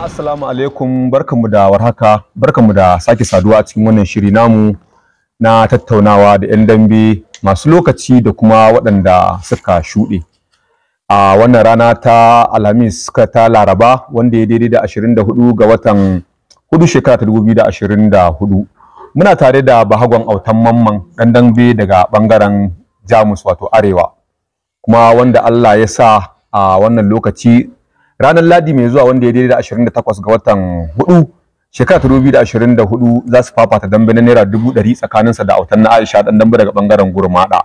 assalamu alaikum barkanmu da warhaka barkanmu da sake saduwa a cikin wannan shiri namu na tattaunawa da 'yan dambe masu lokaci da kuma waɗanda suka shuɗe a wannan rana ta alhamis suka ta laraba wanda ya daidai da 24 ga watan hudu shekara ta 2024 muna tare da bahagon autan mamman ɗan dambe daga ɓangaren jamus wato arewa kuma wanda allah ya sa a wannan lokaci ranar ladi mai zuwa wanda ya daidai da 28 ga watan hudu. shekara ta 2024 za su fafata dambe na naira 100 sa da autan na Aisha dan dambe daga bangaren gurmada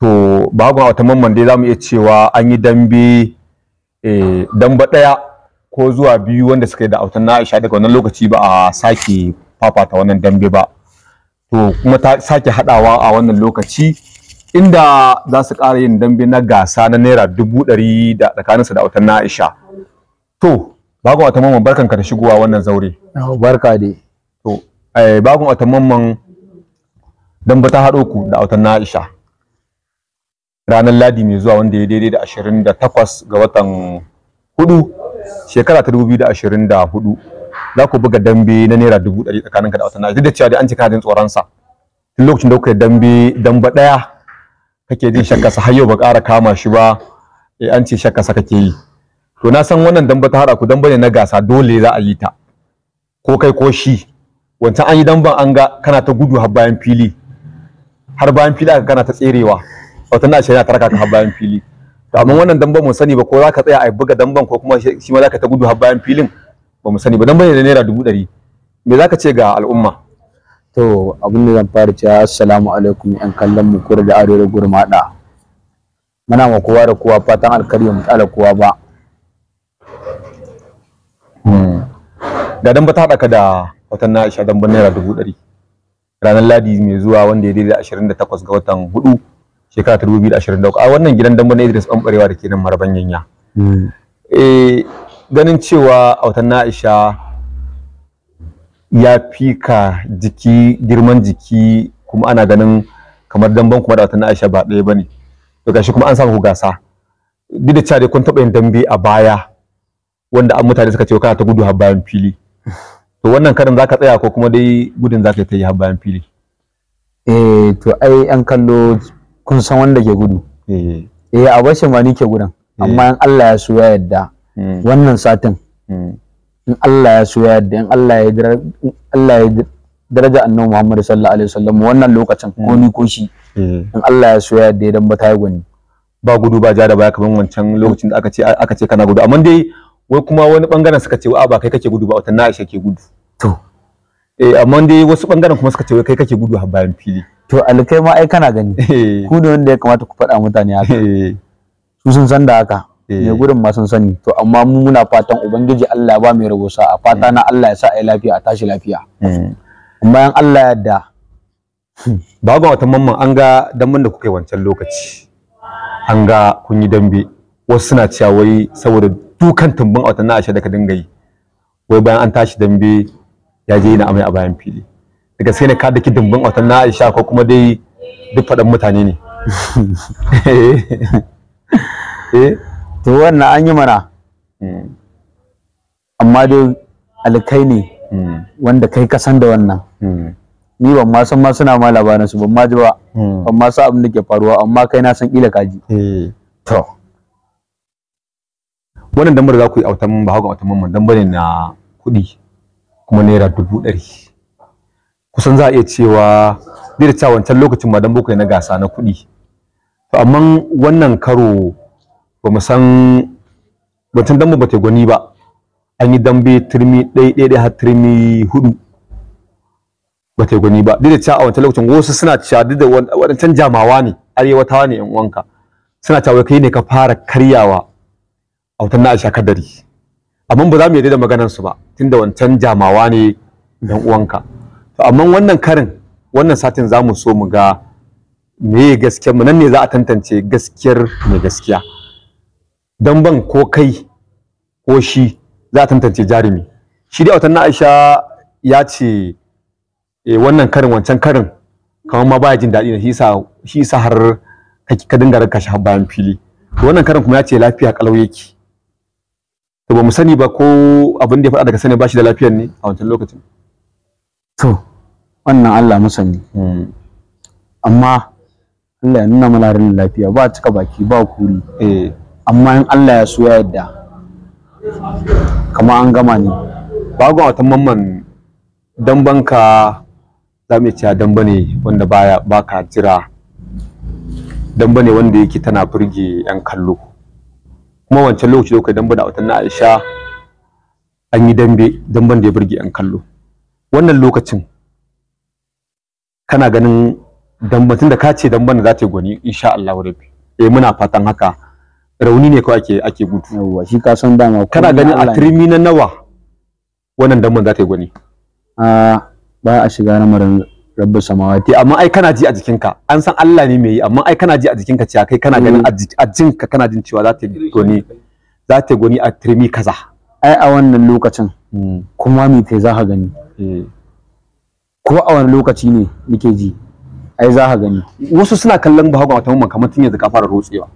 to babu autan mamman dai zamu iya cewa an yi dambe eh damba daya ko zuwa biyu wanda suka yi da autan na Aisha daga wannan lokaci ba a sake fafata wannan dambe ba to kuma ta sake hadawa a wannan lokaci inda za su ƙara yin dambe na gasa na naira dubu ɗari da tsakaninsa da autan na'isha to bagon atamman barkan ka da shigowa wannan zaure barka dai to eh bagon atamman dambe ta haɗo ku da autan na'isha ranar ladi mai zuwa wanda ya daidai da ashirin da takwas ga watan hudu shekara ta dubu biyu da da ashirin hudu. za ku buga dambe na naira dubu ɗari tsakaninka da autan na'isha duk da cewa dai an cika jin tsoron sa tun lokacin da kuka dambe damba ɗaya kake jin shakkarsa har yau ba ƙara kama shi ba eh an ce shakkarsa kake yi to na san wannan damba ta haɗa ku damba ne na gasa dole za a yi ta ko kai ko shi wancan an yi damban an ga kana ta gudu har bayan fili har bayan fili aka kana ta tserewa wata na shirya taraka ka har bayan fili to amma wannan damban mu sani ba ko za ka tsaya a buga damban ko kuma shi ma za ka ta gudu har bayan filin ba mu sani ba damban ne da naira dubu ɗari me za ka ce ga al'umma To abin da zan fara cewa assalamu alaikum yan kallon mu kura da arewa gurmada. Muna ma kowa da kowa fatan alkari mu tsala kowa ba. Hmm. Da ba ta haɗa da watan na Aisha don naira dubu ɗari. Ranar Ladi mai zuwa wanda ya daidai ashirin da takwas ga watan hudu shekara ta dubu biyu da ashirin da uku. A wannan gidan don na Idris ɓanɓarewa da ke nan marabanyanya. Hmm. Eh, ganin cewa a watan na Aisha ya fi ka jiki girman jiki kuma ana ganin kamar damben kuma da wata na Aisha ba ɗaya ne to gashi kuma an samu gasa duk da cewa dai kun taɓa yin dambe a baya wanda an mutane suka ce kana ta gudu har bayan fili to wannan karin zaka tsaya ko kuma dai gudun zaka ta yi har bayan fili eh to ai an kallo kun san wanda ke gudu eh eh a bashin ma ni ke gudan amma eh. in Allah ya so ya yarda hmm. wannan satin hmm. in Allah ya so yadda, in Allah ya Allah ya daraja annabi Muhammad sallallahu alaihi wasallam wannan lokacin ko ni ko shi hmm. in Allah ya so ya yarda dan bata gwani ba gudu ba jada da baya kaman wancan lokacin da aka ce aka ce kana gudu amma dai wai kuma wani bangaren suka ce a ba kai kake gudu ba wata na Aisha ke gudu to eh amma dai wasu bangaren kuma suka ce wai kai kake gudu har bayan fili to alkai ma ai kana gani eh. ku ne wanda ya kamata ku faɗa mutane haka eh. su sun san da haka ne eh. gurin ma sun sani to amma mu muna fatan ubangiji Allah ya ba mai rabo a fata na eh. Allah ya sa ai lafiya a tashi lafiya Amma eh. bayan Allah ya yarda ba ga wata mamman an ga damben da kuka yi wancan lokaci an ga kun yi dambe wasu suna cewa wai saboda dukan tumbin a watanni na da ka dinga yi wai bayan an tashi dambe ya je yana amai a bayan fili Daga sai ne ka daki dumbin a na aisha ko kuma dai duk faɗan mutane ne eh to wannan an yi mana hmm. amma dai alkai ne hmm. wanda kai ka san da wannan hmm. ni ban ma san ma suna ma labaran su ban ma ji ba ban ma san abin da ke faruwa amma kai na san kila kaji eh, to wannan dambar za ku yi autan ba haka autan mamman ne na kuɗi kuma naira dubu ɗari kusan za a iya cewa duk da cewa wancan lokacin ma dambo na gasa na kuɗi to amma wannan karo ba mu san wancan dambe ba ta gwani ba an yi dambe turmi ɗaya ɗaya har turmi hudu ba ta gwani ba duk da cewa a wancan lokacin wasu suna cewa duk da wancan jamawa ne arewatawa ne yan uwanka suna cewa kai ne ka fara karyawa a wutan na aisha kadari amma ba za mu yarda da maganar su ba tunda wancan jamawa ne yan uwanka to amma wannan karin wannan satin za mu so mu ga me gaskiya? mu nan ne za a tantance gaskiyar me gaskiya dan ban ko kai ko shi za a tantance jarumi shi dai watan na Aisha ya ce eh, wannan karin wancan karin kamar ma baya jin daɗi ne shi sa shi har ka dinga raka shi bayan fili to wannan karin kuma ya ce lafiya kalau yake to ba mu sani ba ko abin da ya faɗa daga sani ba shi da lafiyar ne a wancan lokacin to wannan Allah masani hmm. amma Allah ya nuna mana lafiya ba cika baki ba kuri eh amma in Allah ya so ya yadda kama an gama ne bagon wata mamman damban ka za mu cewa damba ne wanda baya baka jira damba ne wanda yake tana furge yan kallo kuma wancan lokaci da kai damba da watan Aisha an yi dambe damban da ya burge yan kallo wannan lokacin kana ganin damban da ka ce damban da za ta yi gwani insha Allah rabbi eh muna fatan haka rauni ne kawai ake ake gudu yawa shi ka san dama kana ganin a trimi na nawa wannan damban za ta yi gwani a ba a shiga lamarin rabbu samawati amma ai kana ji a jikinka an san Allah ne mai yi amma ai kana ji a jikinka cewa kai kana ganin mm. a jinka kana jin cewa za ta yi gwani za ta yi gwani a trimi kaza ai a wannan lokacin mm. kuma me ta za ka gani eh. ko a wani lokaci ne nake ji ai za ka gani wasu suna kallon bahago a tamman kamar tun yanzu ka fara rotsewa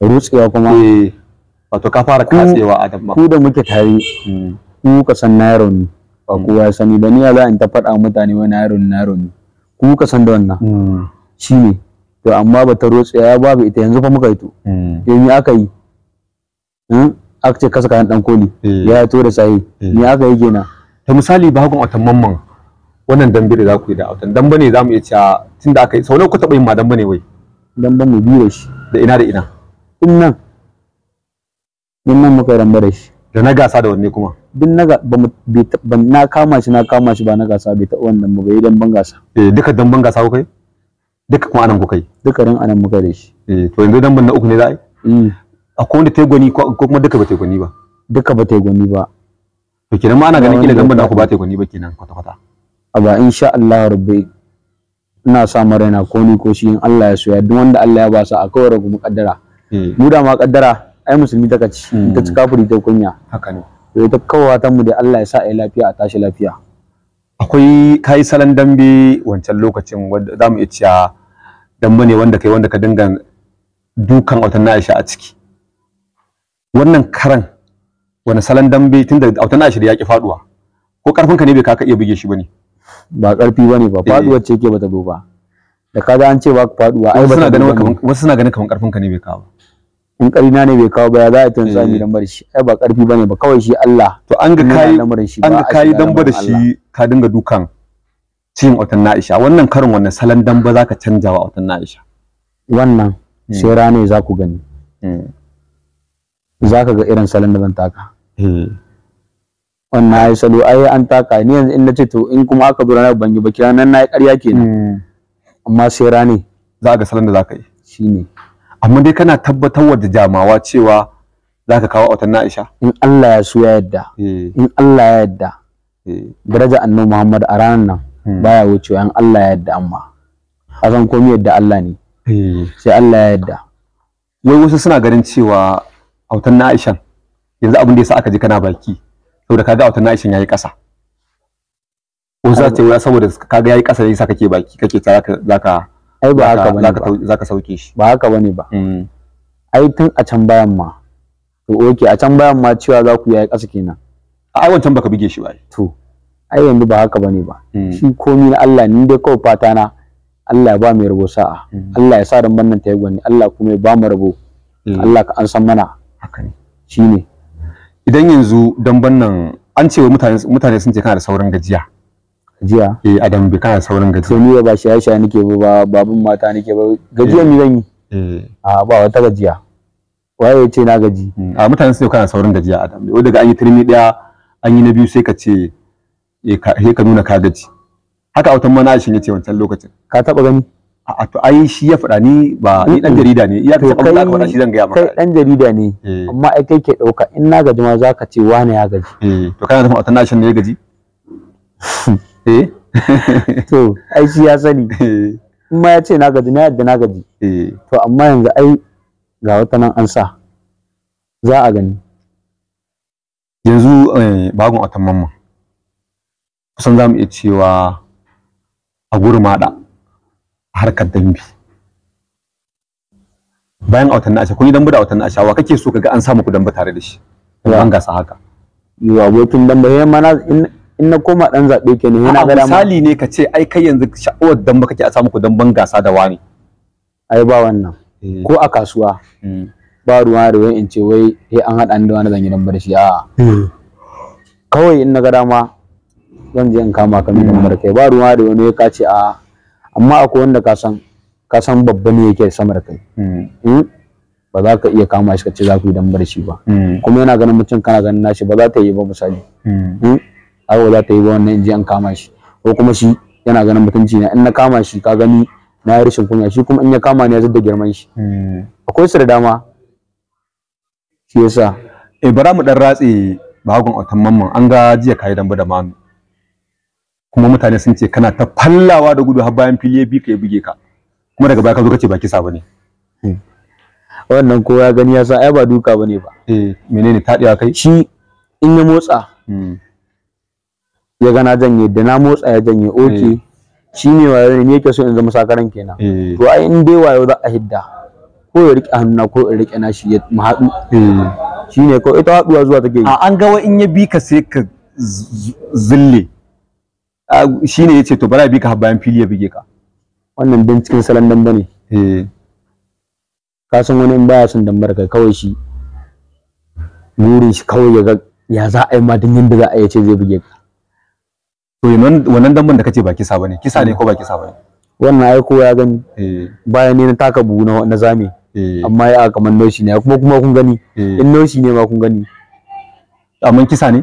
rutsewa kuma eh. wato ka fara katsewa a dabba ku da muke tare hmm. ku ka san na ne ba hmm. kowa ya sani ba ni za in ta faɗa mutane wani nairon nairon na ne ku ka san da wannan hmm. ne. to amma ba ta rutsewa babu ita yanzu fa muka yi to yanzu eh, aka yi aka ce kasa kayan dan koli eh. ya to da tsaye ni aka yi kenan ta misali bagon watan mamman wannan dambe da za ku yi da autan dambe ne za mu iya cewa tun da aka yi sau nawa ku taɓa yin ma dambe ne wai dambe ne biyu da shi da ina da ina din nan din nan muka ramba shi da na gasa da wanne kuma din na ba na kama shi na kama shi ba na gasa bai taɓa wannan ba bai damban gasa eh duka damban gasa kuka yi duka kuma anan kuka yi duka ran anan muka da shi eh to yanzu damban na uku ne za a yi mm. akwai wanda ta ko kuma duka ba taigoni ba duka ba taigoni ba to kenan ma ana ganin kila damban da ku ba taigoni ba kenan kwata kwata a ba insha Allah rabbi ina sa maraina ko ni ko shi in Allah ya so ya duk wanda Allah ya ba sa akwai ragu muƙaddara Eh. mu da ma kaddara ai musulmi ta kaci hmm. ta ci kafiri ta kunya haka ne to ita ta mu da Allah ya sa ai lafiya a tashi lafiya akwai kai salon dambe wancan lokacin wanda zamu iya cewa dambe ne wanda kai wanda ka dinga dukan autan Aisha a ciki wannan karan wani salon dambe tunda autan Aisha da yaki faduwa ko karfin ka ne bai ka iya buge shi bane ba karfi bane ba eh. faduwar ce ke bata zo ba da kaga an ce ba faduwa ai ba suna ganin kaman wasu suna ganin kaman karfin ka ne bai kawo in ƙarina ne bai kawo ba ya za a tun zami lamar eh. shi ai ba ƙarfi bane ba kawai shi Allah to an ga kai an ga kai ba da shi ka dinga dukan cin watan Aisha wannan karin wannan salon za zaka canja wa watan Aisha wannan hmm. sai rane za ku gani hmm. za ka ga irin salon da zan taka eh. wannan ai salo ai an taka ni yanzu in nace to in kuma aka zo na ban yi ba kira nan na yi ƙarya kenan hmm. amma sai rane za ga salon da za ka yi shine amma dai kana tabbatar da jamawa cewa za ka kawo autan na'isha in Allah ya suya ya yadda eh. in Allah ya yadda eh. daraja annu Muhammad a ranar nan hmm. baya wucewa in Allah ya yadda amma a san komai yadda Allah ne eh. sai Allah ya yadda wai wasu suna ganin cewa autan na'ishan yanzu abin da yasa aka ji kana baki saboda kaga autan na'ishan yayi kasa wasu za su ce saboda kaga yayi kasa yasa kake baki kake tsara zaka ai ba haka bane ba zaka sauke shi ba haka bane ba mm. ai tun a can bayan ma to oke a can bayan ma cewa za ku yayi ƙasa kenan a ai wancan baka bige shi ba to ai yanzu ba haka bane ba mm. shi komi na Allah ni dai kawai fata na Allah ya ba mu rabo sa'a mm. Allah ya sa dan bannan ta yi gwani Allah kuma ya ba mu rabo Allah ka an san mana haka ne shine idan yanzu dan bannan an ce mutane mutane sun ce kana da saurin gajiya jiya eh adam bai kana saurin gajiya sai ni ba shaye shaye nake ba babun mata nake ba gajiya mi zan yi eh a ba wata gajiya waye ce na gaji hmm. a mutane sai kana saurin gajiya adam wai daga an yi turmi daya an yi na biyu sai ka ce eh ka nuna ka gaji haka autan mana shi ne ce wancan lokacin ka taba gani a to ai shi ya faɗa ni ba ni dan jarida ne iya ka ba ka shi zan ga maka kai dan jarida ne eh. amma ai kai ke dauka in na gaji ma zaka ce wani ya gaji eh, to kana da autan nashin ne ya gaji Eh. to ai shi ya sani eh. in ma ya ce na gaji na yadda na gaji eh. to amma yanzu ai ga wata nan an sa za a gani yanzu bagon watan mamman kusan za mu iya cewa a gurmaɗa a harkar dambi. bayan autan na asha kun yi dambe da autan na asha wa kake so kaga an samu ku dambu tare da shi an gasa haka yo abokin dambe yayin ma in na koma dan zabe ke ne yana gada misali ne ka ce ai kai yanzu sha'awar dan baka ke a samu ku dan ban gasa da wani ai ba wannan eh. ko a kasuwa hmm. ba ruwa da wai in ce wai sai an haɗa da wani zan yi dan barshi a hmm. kawai in na ga dama zan je in kama ka min mara kai ba ruwa da wani ka ce a amma akwai wanda ka san ka san babba ne yake sama da kai hmm. ba za ka iya kama shi ka ce za ku yi dan barshi ba kuma yana ganin mutum kana ganin nashi ba za ta yi ba misali ai za ta yi ba wannan in je an kama shi ko kuma shi yana ganin mutunci ne. in na kama shi ka gani na yi rashin kunya shi kuma in ya kama ni ya zidda girman shi hmm. akwai su da dama shi yasa eh bara mu dan ratse bagon otan mamman an ga jiya kai dambe da mamu kuma mutane sun ce kana ta fallawa da gudu har bayan fili ya bi ka ya buge ka kuma daga baya ka zo kace ba kisa bane hmm. wannan kowa gani ya sa ai ba duka bane ba eh menene tadewa kai shi in ya motsa hmm. ya gana janye da na motsa ya janye oke eh. shi ne wayo ne yake so in zama sakaran kenan eh. to ai in dai wayo za a hidda ko ya rike hannuna ko ya rike na shi ya mahadu shi ne ko ita haduwa zuwa take yi an gawa in ya bi ka sai ka zille shi ne ya ce to bara bi ka bayan fili ya bige ka wannan din cikin salon dan ne eh. ka san wani in baya son dambar kai kawai shi burin shi kawai ya ga ya za a yi ma din yadda za a yi ce zai buge ka to wannan damban da kace ba kisa bane kisa ne ko ba kisa bane wannan ai ko ya gani eh. bayan ne na taka buhu na zame eh. amma ya kamar noshi ne kuma kuma kun gani eh. in noshi ne ma kun gani amma kisa ne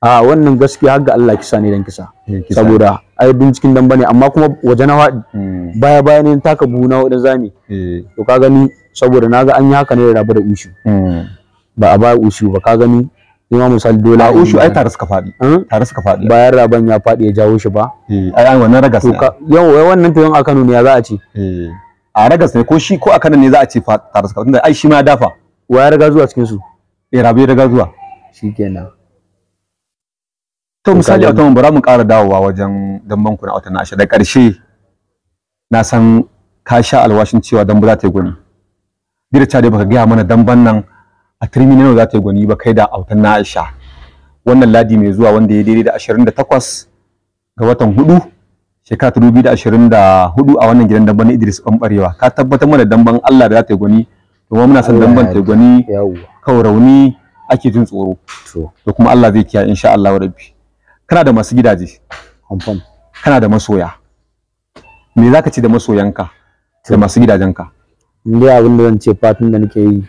a wannan gaskiya har ga Allah kisa ne dan kisa saboda ai binciken dan bane amma kuma waje na faɗi hmm. baya baya ne taka buhu na wadan zami to ka gani saboda naga an yi haka ne da rabu da ushu hmm. ba a ba ushu ba ka gani Imam Musal Dola. A Ushu ai tare suka faɗi. Hmm? Tare suka faɗi. Bayan Raban ya faɗi ya jawo shi ba. Eh, ai ai wannan ragas ne. Yau wai wannan to yan a Kano ne ya za a ce. Eh, a ragas ne ko shi ko a Kano ne za a ce tare suka faɗi tunda ai shi ma ya dafa. Wa ya riga zuwa cikin su? Eh Rabi ya riga zuwa. Shikenan. To misali a tamu bara mu ƙara dawowa wajen damban ku na watan da ƙarshe na san ka sha alwashin cewa dambu za ta yi guni. Dira ta dai baka gaya mana damban nan a turmi ne za ta yi gwani ba kai da autan na Aisha wannan ladi mai zuwa wanda ya daidai da 28 ga watan hudu shekara ta 2024 a wannan gidan damban Idris ɓanɓarewa ka tabbatar mana damban Allah da za ta yi gwani domin muna son damban ta yi gwani kawai rauni ake jin tsoro to kuma Allah zai kiyaye insha Allah rabbi kana da masu gidaje kana da masoya me ka ce da masoyanka da masu gidajenka ni abin da zan ce fatin da nake yi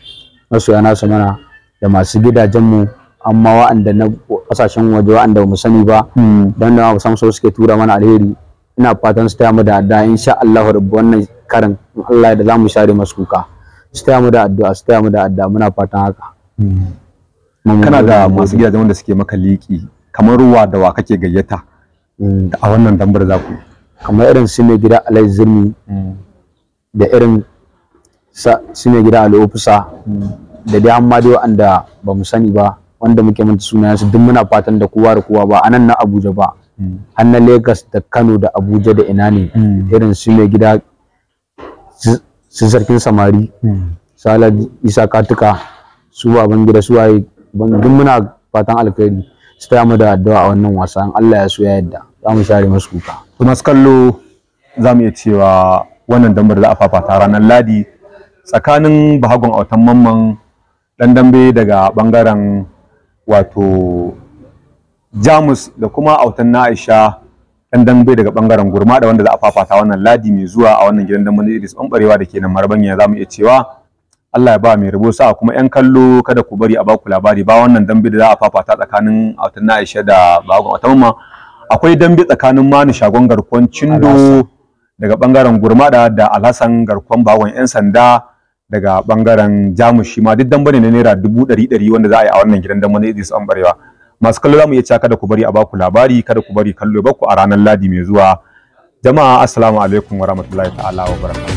masoya nasu mana da masu gidajenmu amma wa'anda na kasashen waje wa'anda ba mu sani ba hmm. don da ba samu so suke tura mana alheri ina fatan su taya mu da addu'a insha Allah rabbu wannan karin Allah da zamu share masu kuka su taya mu da addu'a su taya mu da addu'a muna fatan haka hmm. kana da masu gidajen wanda suke maka liki kamar ruwa da wa kake gayyata hmm. a wannan dambar za ku kamar irin su ne gida alai zirmi da irin su gida a ofisa da dai amma dai wanda ba mu sani ba wanda muke manta su duk muna fatan da kowa da kowa ba anan na abuja ba hmm. har na lagos da kano da abuja da ina ne hmm. irin su gida su sarkin samari hmm. salad isa katuka su baban gida su waye duk muna fatan alkhairi su ta mu da addu'a a wannan wasa in Allah ya so ya yadda za mu share masu kuka kuma kallo za mu iya cewa wannan dambar za a fafata ranar ladi tsakanin bahagon autan mamman dan dambe daga bangaren wato jamus da kuma autan na aisha dan dambe daga bangaren gurma da wanda za a fafata wannan ladi mai zuwa a wannan gidan dambe na Idris ɓarewa da ke nan Marbanya za mu iya cewa Allah ya ba mai rabo sa kuma yan kallo kada ku bari a ba ku labari ba wannan dambe da za a fafata tsakanin autan na aisha da bagon autan mamman akwai dambe tsakanin manu shagon garkon cindo daga bangaren gurmada da alhassan garkon bagon yan sanda daga bangaren jamus shi ma duk dambane na naira dubu ɗari ɗari wanda za a yi a wannan gidan dambane idris an barewa masu kallo za mu iya cewa kada ku bari a baku labari kada ku bari kallo baku a ranar ladi mai zuwa jama'a assalamu alaikum warahmatullahi ta'ala wa barakatuh